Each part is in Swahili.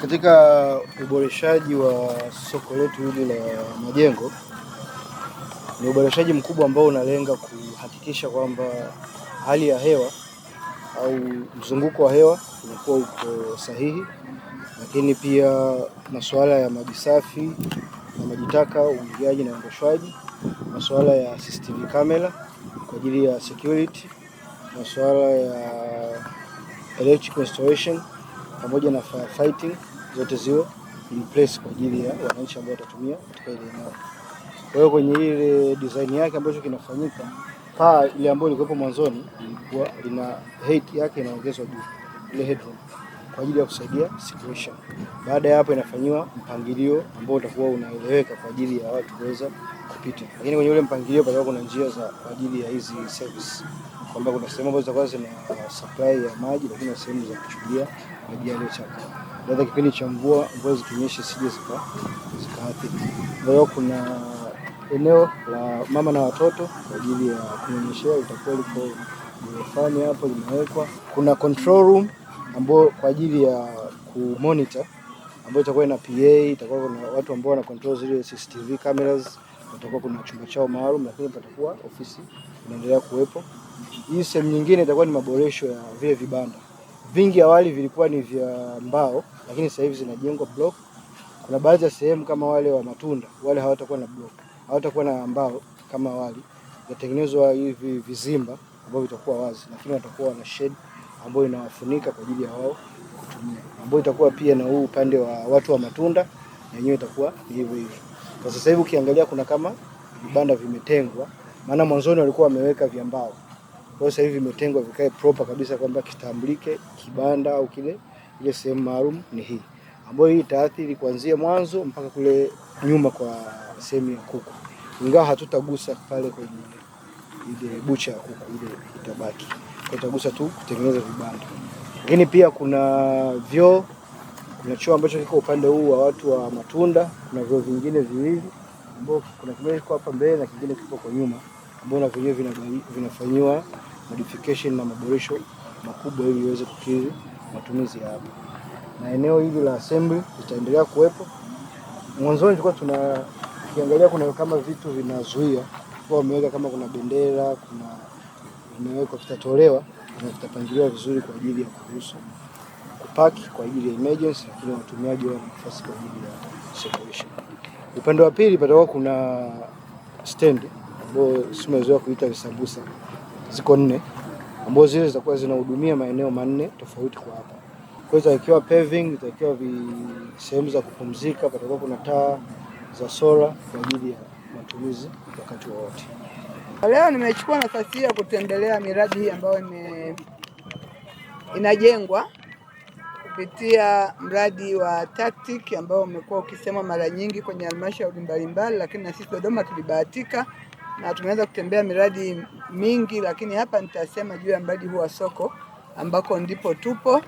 Katika uboreshaji wa soko letu hili la majengo ni uboreshaji mkubwa ambao unalenga kuhakikisha kwamba hali ya hewa au mzunguko wa hewa unakuwa uko sahihi, lakini pia masuala ya maji safi na maji taka, uingiaji na uondoshwaji, masuala ya CCTV camera kwa ajili ya security, masuala ya electric installation pamoja na firefighting zote ziwe in place kwa ajili ya wananchi ambao watatumia katika ile eneo. Kwa hiyo kwenye ile design yake ambacho kinafanyika paa ile ambayo ilikuwepo mwanzoni ilikuwa lina height yake inaongezwa juu ile headroom kwa ajili ya kusaidia circulation. Baada ya hapo inafanywa mpangilio ambao utakuwa unaeleweka kwa ajili ya watu kuweza kupita. Lakini kwenye ule mpangilio pale kuna njia za kwa ajili ya hizi service. Kwamba kuna sehemu ambazo zitakuwa zina supply ya maji lakini na sehemu za kuchukulia maji yaliyochakaa labda kipindi cha mvua, mvua zikinyesha sije zikaathiri. Kwa hiyo kuna eneo la mama na watoto kwa ajili ya kunyonyeshea litakuwa liko limefanya hapo limewekwa. Kuna control room ambayo kwa ajili ya kumonitor ambayo itakuwa ina PA, itakuwa kuna watu ambao wana control zile CCTV cameras, watakuwa kuna chumba chao maalum, lakini patakuwa ofisi inaendelea kuwepo. Hii sehemu nyingine itakuwa ni maboresho ya vile vibanda vingi awali vilikuwa ni vya mbao, lakini sasa hivi zinajengwa block. Kuna baadhi ya sehemu kama wale wa matunda wale hawatakuwa na block, hawatakuwa na mbao kama awali, yatengenezwa hivi vizimba ambavyo vitakuwa wazi, lakini watakuwa wana shed ambayo inawafunika kwa ajili ya wao kutumia, ambayo itakuwa pia na huu upande wa watu wa matunda yenyewe itakuwa hivyo hivyo. Kwa sasa hivi ukiangalia kuna kama vibanda vimetengwa, maana mwanzoni walikuwa wameweka vya mbao hiyo sasa hivi vimetengwa vikae proper kabisa kwamba kitambulike kibanda au kile ile sehemu maalum ni hii, ambayo hii itaathiri kuanzia mwanzo mpaka kule nyuma kwa sehemu ya kuku, ingawa hatutagusa pale kwenye ile bucha ya kuku, ile itabaki, tutagusa tu kutengeneza vibanda. Lakini pia kuna vyoo, kuna choo ambacho kiko upande huu wa watu wa matunda, kuna vyoo vingine viwili ambao kuna kimoja kiko hapa mbele na kingine kiko kwa nyuma ambao vyenyewe vinafanyiwa modification na maboresho makubwa ili iweze kukidhi matumizi ya hapa, na eneo hili la assembly litaendelea kuwepo. Mwanzoni tulikuwa tuna kiangalia kuna kama vitu vinazuia kwa wameweka kama kuna bendera kuna vimewekwa vitatolewa na vitapangiliwa vizuri kwa ajili ya kuruhusu kupaki kwa ajili ya emergency, lakini watumiaji wa nafasi kwa ajili ya separation. Upande wa pili patakuwa kuna stendi ambayo simezoea kuita visambusa, ziko nne ambazo zile zitakuwa zinahudumia maeneo manne tofauti kwa hapa. Kwa hiyo itakiwa paving, itakiwa sehemu za kupumzika, patakuwa kuna taa za sola kwa ajili ya matumizi wakati wowote. Leo nimechukua nafasi hii ya kutembelea miradi hii ambayo ime inajengwa kupitia mradi wa TACTIC ambao umekuwa ukisema mara nyingi kwenye halmashauri mbalimbali, lakini na sisi Dodoma tulibahatika na tumeweza kutembea miradi mingi, lakini hapa nitasema juu ya mradi huu wa soko ambako ndipo tupo.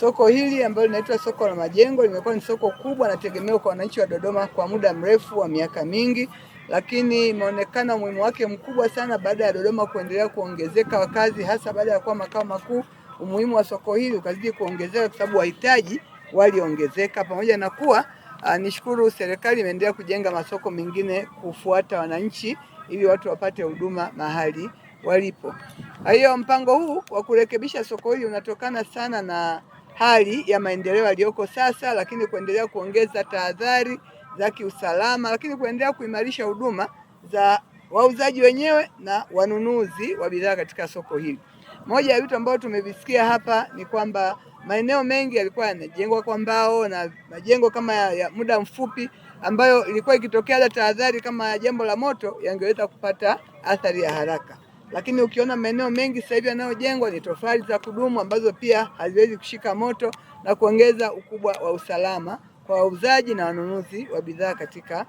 Soko hili ambalo linaitwa soko la Majengo limekuwa ni soko kubwa na tegemeo kwa wananchi wa Dodoma kwa muda mrefu wa miaka mingi, lakini imeonekana umuhimu wake mkubwa sana baada ya Dodoma kuendelea kuongezeka wakazi, hasa baada ya kuwa makao makuu. Umuhimu wa soko hili ukazidi kuongezeka kwa sababu wahitaji waliongezeka, pamoja na kuwa ah, nishukuru serikali imeendelea kujenga masoko mengine kufuata wananchi ili watu wapate huduma mahali walipo. Kwa hiyo mpango huu wa kurekebisha soko hili unatokana sana na hali ya maendeleo yaliyoko sasa, lakini kuendelea kuongeza tahadhari za kiusalama, lakini kuendelea kuimarisha huduma za wauzaji wenyewe na wanunuzi wa bidhaa katika soko hili. Moja ya vitu ambavyo tumevisikia hapa ni kwamba maeneo mengi yalikuwa yanajengwa kwa mbao na majengo kama ya, ya muda mfupi ambayo ilikuwa ikitokea hata tahadhari kama jambo la moto yangeweza kupata athari ya haraka. Lakini ukiona maeneo mengi sasa hivi yanayojengwa ni tofali za kudumu ambazo pia haziwezi kushika moto na kuongeza ukubwa wa usalama kwa wauzaji na wanunuzi wa bidhaa katika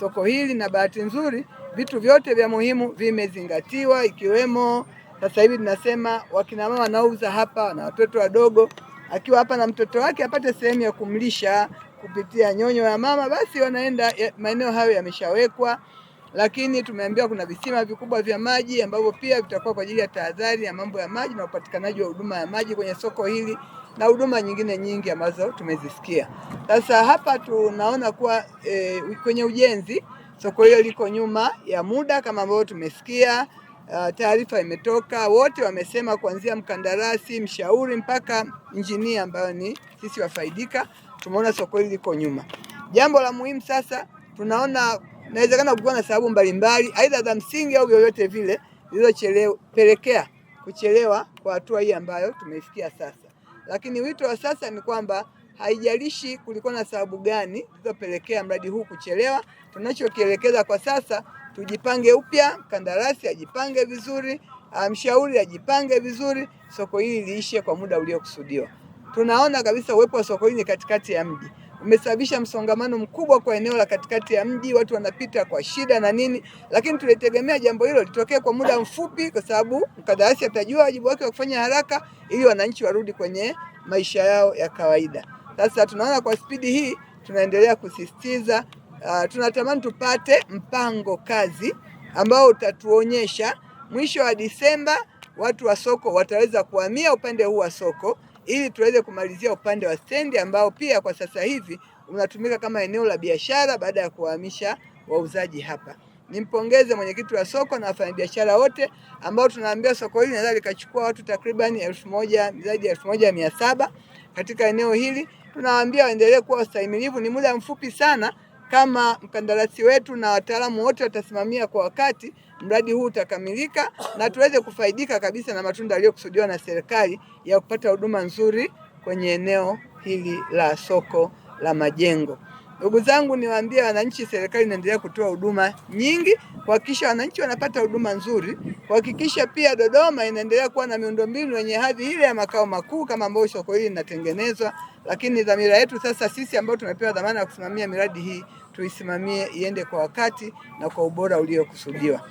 soko hili. Na bahati nzuri vitu vyote vya muhimu vimezingatiwa ikiwemo sasa hivi tunasema wakina mama wanaouza hapa na watoto wadogo, akiwa hapa na mtoto wake apate sehemu ya kumlisha kupitia nyonyo ya mama, basi wanaenda maeneo hayo yameshawekwa. Lakini tumeambiwa kuna visima vikubwa vya maji ambavyo pia vitakuwa kwa ajili ya tahadhari ya mambo ya maji na upatikanaji wa huduma ya maji kwenye soko hili na huduma nyingine nyingi ambazo tumezisikia. Sasa hapa tunaona kuwa e, kwenye ujenzi soko hilo liko nyuma ya muda kama ambavyo tumesikia uh, taarifa imetoka, wote wamesema kuanzia mkandarasi, mshauri mpaka injinia ambayo ni sisi wafaidika, tumeona soko hili liko nyuma. Jambo la muhimu sasa, tunaona inawezekana kuwa na sababu mbalimbali, aidha za msingi au yoyote vile zilizopelekea kuchelewa kwa hatua hii ambayo tumeifikia sasa. Lakini wito wa sasa ni kwamba haijalishi kulikuwa na sababu gani zilizopelekea mradi huu kuchelewa, tunachokielekeza kwa sasa tujipange upya, mkandarasi ajipange vizuri, mshauri ajipange vizuri, soko hili liishe kwa muda uliokusudiwa. Tunaona kabisa uwepo wa soko hili katikati ya mji umesababisha msongamano mkubwa kwa eneo la katikati ya mji, watu wanapita kwa shida na nini, lakini tulitegemea jambo hilo litokee kwa muda mfupi, kwa sababu mkandarasi atajua wajibu wake wa kufanya haraka ili wananchi warudi kwenye maisha yao ya kawaida. Sasa tunaona kwa spidi hii, tunaendelea kusisitiza Uh, tunatamani tupate mpango kazi ambao utatuonyesha mwisho wa Disemba watu wa soko wataweza kuhamia upande huu wa soko ili tuweze kumalizia upande wa stendi ambao pia kwa sasa hivi unatumika kama eneo la biashara baada ya kuhamisha wauzaji hapa. Nimpongeze mwenyekiti wa soko na wafanyabiashara wote ambao tunaambia soko hili nadhani likachukua watu takriban elfu moja zaidi ya elfu moja mia saba katika eneo hili. Tunawaambia waendelee kuwa wastahimilivu, ni muda mfupi sana kama mkandarasi wetu na wataalamu wote watasimamia kwa wakati, mradi huu utakamilika na tuweze kufaidika kabisa na matunda yaliyokusudiwa na serikali ya kupata huduma nzuri kwenye eneo hili la soko la majengo. Ndugu zangu, niwaambie wananchi, serikali inaendelea kutoa huduma nyingi kuhakikisha wananchi wanapata huduma nzuri, kuhakikisha pia Dodoma inaendelea kuwa na miundombinu yenye hadhi ile ya makao makuu kama ambayo soko hili linatengenezwa lakini dhamira yetu sasa sisi ambao tumepewa dhamana ya kusimamia miradi hii tuisimamie iende kwa wakati na kwa ubora uliokusudiwa.